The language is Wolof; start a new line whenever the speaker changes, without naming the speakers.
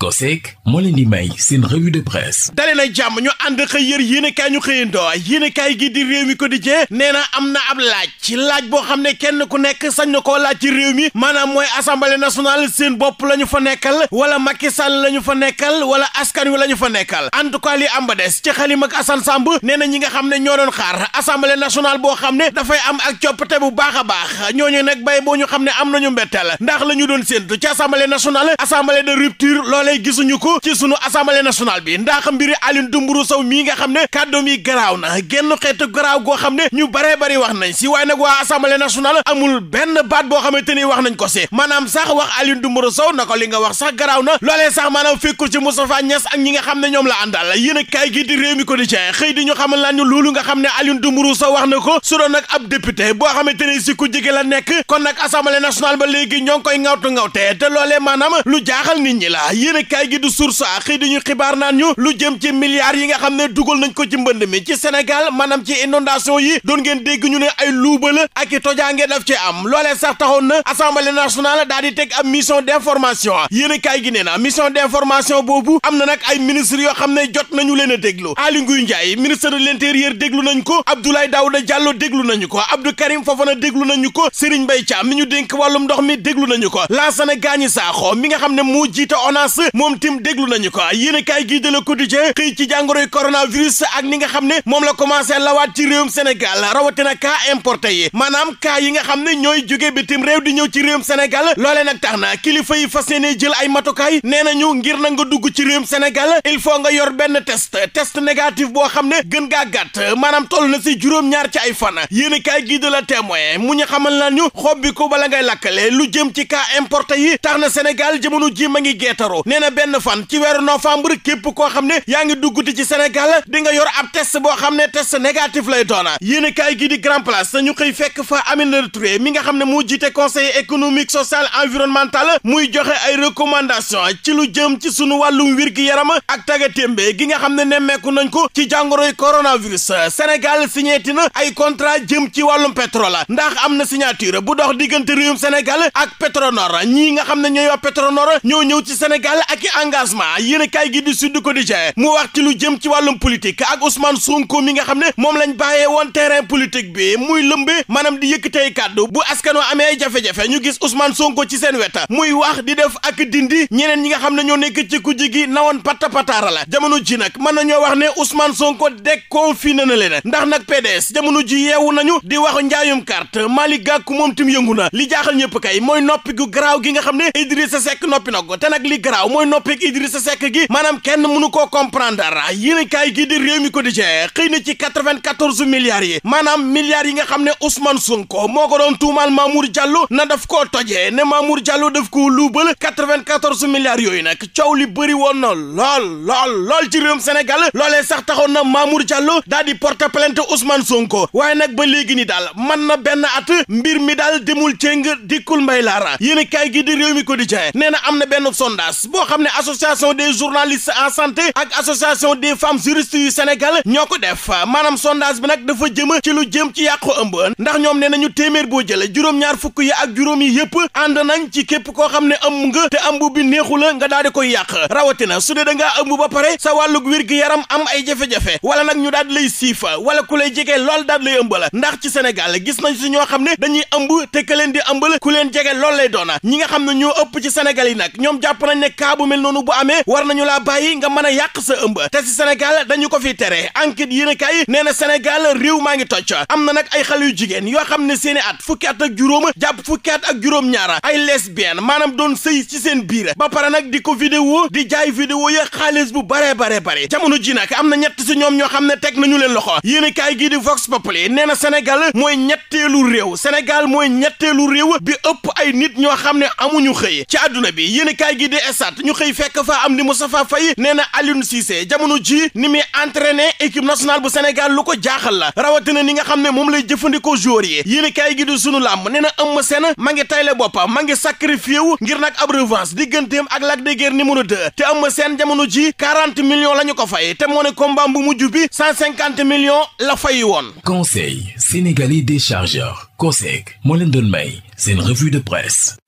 COSEC moo leen di may seen revue de presse dalee na jàmm ñu ànd xëy yër yéenekaay ñu xëyandoo yéenekaay gi di réew mi quotidien nee na am na ab laaj ci laaj boo xam ne kenn ku nekk sañ na koo laaj ci réew mi maanaam mooy assemblée nationale seen bopp la ñu fa nekkal wala Macky Sall la ñu fa nekkal wala askan wi la ñu fa nekkal en tout cas li am ba des ci xalim ak Assane Samb nee na ñi nga xam ne ñoo doon xaar assemblée nationale boo xam ne dafay am ak te bu baax a baax ñooñu nag bay boo ñu xam ne am nañu mbetteel ndax la ñu doon séentu ci assemblée nationale assemblée lay gisuñu ko ci sunu assemblée nationale bi ndax mbiri nga xam ne kàddoom yi garaaw na genn xeetu garaaw goo xam ne ñu baree bari wax nañ si waaye nag waa assemblée nationale amul benn baat boo xamante ni wax nañ ko si maanaam sax wax Aline Dumburu Sow na ko li nga wax sax garaaw na loolee sax maanaam fekkul ci Moustapha Niass ñi nga xam ne ñoom la àndal yéen a kaay gi di réew mi quotidien xëy di ñu xamal laan ñu loolu nga xam ne Aline Dumburu Sow wax na ko su doon nag ab député boo xamante ni si ku jige la nekk kon nag assemblée nationale ba léegi ñoo ngi koy nga ngawte te loolee maanaam lu jaaxal nit ñi la yéenekaay gi du source xëy di ñu xibaar naan ñu lu jëm ci milliards yi nga xam ne dugal nañ ko ci mbënd mi ci Sénégal maanaam ci inondation yi doon ngeen dégg ñu ne ay luuba la ak i tojaange daf ci am loolee sax taxoon na assemblée nationale daal di teg ab mission d'information yéenekaay gi nee na mission d'information boobu am na ay ministres yoo xam ne jot nañu leen a déglu Aly Ngouille Ndiaye ministre de l'intérieur déglu nañ ko Abdoulaye na Diallo déglu nañu ko Abdou mi ñu dénk ko Lansana Gagny Sakho mi nga xam ne moom tim déglu nañu ko yéenekaay gi de Le Quotidien xëy ci jàngoroy coronavirus ak ni nga xam ne moom la commencé lawaat ci réewum Sénégal rawatina kaa importe yi maanaam cas yi nga xam ne ñooy jóge bitim réew di ñëw ci réewum Sénégal loole nag tax na kilifa yi fas yéene jël ay matukaay nee na nañu ngir na nga dugg ci réewum Sénégal il faut nga yor benn test test négatif boo xam ne gën gaa gàtt maanaam toll na si juróom-ñaar ci ay fan yéenekaay gi de La Témoin mu ñu xamal nañu xob bi ko bala ngay lakkale lu jëm ci cas importé yi tax na Sénégal jamono ji ma ngi geetaru na benn fan ci weeru novembre képp koo xam ne yaa ngi dugg dugguti ci Sénégal di nga yor ab test boo xam ne test négatif lay doona yéen a kaay gi di grand place ñu koy fekk fa Aminata Touré mi nga xam ne moo jiite conseil économique social environnemental muy joxe ay recommandation ci lu jëm ci sunu wàllum wér yaram ak tagatémbe gi nga xam ne nemmeeku nañ ko ci jàngoroy coronavirus Sénégal signeeti na ay contrat jëm ci wàllum pétrole ndax am na signature bu dox diggante réewum Sénégal ak Petronor ñii nga xam ne ñooy waa Petronor ñoo ñëw ci Sénégal dogal ak i engagement yéen a gi di Sud Quotidien mu wax ci lu jëm ci wàllum politique ak Ousmane Sonko mi nga xam ne moom lañ bàyyee woon terrain politique bi muy lëmbe maanaam di yëkk tey kàddu bu askano amee jafe-jafe ñu gis Ousmane Sonko ci seen wet muy wax di def ak dindi ñeneen ñi nga xam ne ñoo nekk ci kujje gi nawoon patta pataara la jamono ji nag mën nañoo wax ne Ousmane Sonko déconfiné na leneen ndax nag PDS jamono ji yeewu nañu di wax njaayum carte Malick Gakou moom tim yëngu na li jaaxal ñëpp kay mooy noppi gu gi nga xam ne Idrissa Seck noppi ko te nag li garaaw mooy noppeeg Idrissa Seck gi maanaam kenn mënu koo comprendre yéen kaay gi di réew mi ko di jee xëy na ci 94 milliards yi maanaam milliards yi nga xam ne Ousmane Sonko moo ko doon tuumaal Mamour Diallo na daf koo toje ne Mamour jallo daf ko luubal 94 milliards yooyu nag coow li bëri woon na lool lool lool ci réewum Sénégal loolee sax taxoon na Mamour Diallo daal di porter plainte Ousmane Sonko waaye nag ba léegi ni daal man na benn at mbir mi daal demul cëng dikkul mbay laara yéen kaay gi di réew mi ko di jee nee na am na benn sondage boo xam ne association des journalistes en santé ak association des femmes juristes yu Sénégal ñoo ko def maanaam sondage bi nag dafa jëm ci lu jëm ci yàqu ëmb ndax ñoom nee nañu téeméer boo jëlee juróom-ñaar fukk yi ak juróom yi yëpp ànd nañ ci képp koo xam ne ëmb nga te ëmb bi neexu la nga daal di koy yàq rawatina su de da ngaa ëmb ba pare sa wàllug wér-gi-yaram am ay jafe-jafe wala nag ñu daal di lay siifa wala ku lay jege lool daal di ndax ci Sénégal gis nañ si ñoo xam ne dañuy ëmb te ka leen di ëmbal ku leen jege lool lay doona ñi nga xam ne ñoo ëpp ci Sénégal yi nag ñoom jàpp nañ ne cas bu mel noonu bu amee war nañu la bàyyi nga mën a yàq sa ëmb te si senegal dañu ko fi tere enquête yéen a kaay nee na Sénégal réew maa ngi toj am na nag ay xale yu jigéen yoo xam ne seeni at fukki at ak juróom jàpp fukki at ak juróom ñaara ay lesbienne maanaam doon sëy ci seen biir ba pare nag di ko vidéo di jaay vidéo ya xaalis bu bare bare bare jamono ji nag am na ñett si ñoom ñoo xam ne teg nañu leen loxo yéen a kaay gii di Vox Populi nee na Sénégal mooy ñetteelu réew Sénégal mooy ñetteelu réew bi ëpp ay nit ñoo xam ne amuñu xëy ci àdduna bi yéen a kaay ñu xëy fekk fa am di Moustapha Faye nee na alin Cissé jamono jii ni muy entraîné équipe nationale bu Sénégal lu ko jaaxal la rawatina ni nga xam ne moom lay jëfandikoo joueurs yi yéen kaay gi du sunu làmb nee na Eumeu Sène ma ngi tayle boppam ma ngi sacrifié wu ngir nag ab revanche digganteem ak Lac de Guiers numéro 2 te Eumeu Sène jamono ji 40 millions la ñu ko fay te moo ne combat bu mujj bi 150 millions la fay woon. Conseil sénégalais des chargeurs COSEC moo leen doon may seen revue de presse.